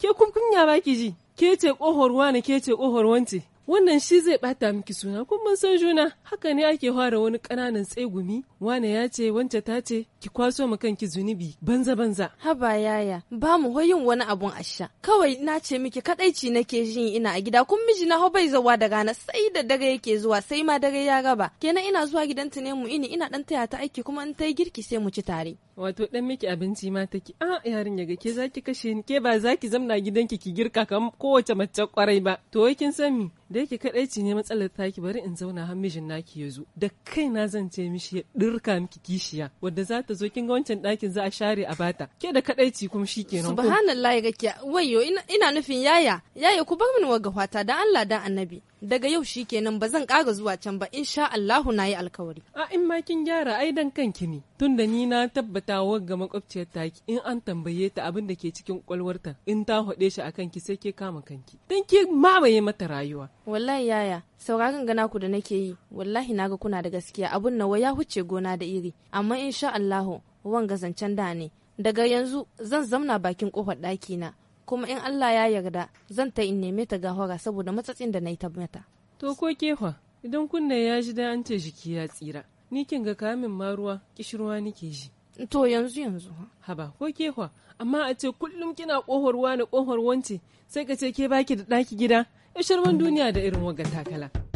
ke kunya ba ki ji ke ce ƙohorwa ne ke ce ƙohorwanci wannan shi zai bata miki suna kun mun san juna haka ne ake fara wani ƙananan tsegumi wane ya ce wance ta ce ki kwaso mu kanki zunubi banza banza haba yaya ba mu yin wani abun asha kawai na ce miki kadaici nake jin ina a gida kun miji na ho bai zawa da rana sai da dare yake zuwa sai ma dare ya raba kenan ina zuwa gidanta ne mu ini ina dan taya ta aiki kuma in tai girki sai mu ci tare wato dan miki abinci ma take a ah, yarin yaga ke zaki kashe ni ke ba zaki zamna gidanki ki girka kam kowace mace kwarai ba to wai kin san mi da yake kadaici ne matsalar taki bari in zauna har mijin naki yazo zo da kaina zan ce mishi ya rirka miki kishiya wadda za ta zo kin ga wancan ɗakin za a share a bata ke da kadaici kuma ko. subhanallah ya gakiya wayo ina nufin yaya yaya ku bar min waga fata dan Allah dan annabi daga yau shi kenan ba zan ƙara zuwa can ba insha Allahu na yi alkawari. A in ma kin gyara ai dan kanki ne tunda ni na tabbata ga makwabciyar taki in an tambaye ta abin da ke cikin kwalwarta in ta hode shi a kanki sai ke kama kanki dan ke mamaye mata rayuwa. Wallahi yaya sauraron gana ku da nake yi wallahi naga kuna da gaskiya abun nawa ya huce gona da iri amma insha Allahu wanga zancen da ne daga yanzu zan zamna bakin kofar ɗaki na kuma in Allah ya yarda zan ta in neme ta gahora saboda matsatsin da na yi ta mata. To ko kefa idan kunne ya ji da an ce jiki ya tsira ni kin ga kamin ma ruwa kishirwa nike ji. To yanzu yanzu. Haba ko kefa amma a ce kullum kina koharwa na kohor wance sai ka ce ke baki da ɗaki gida ya sharman duniya da irin wagan takala.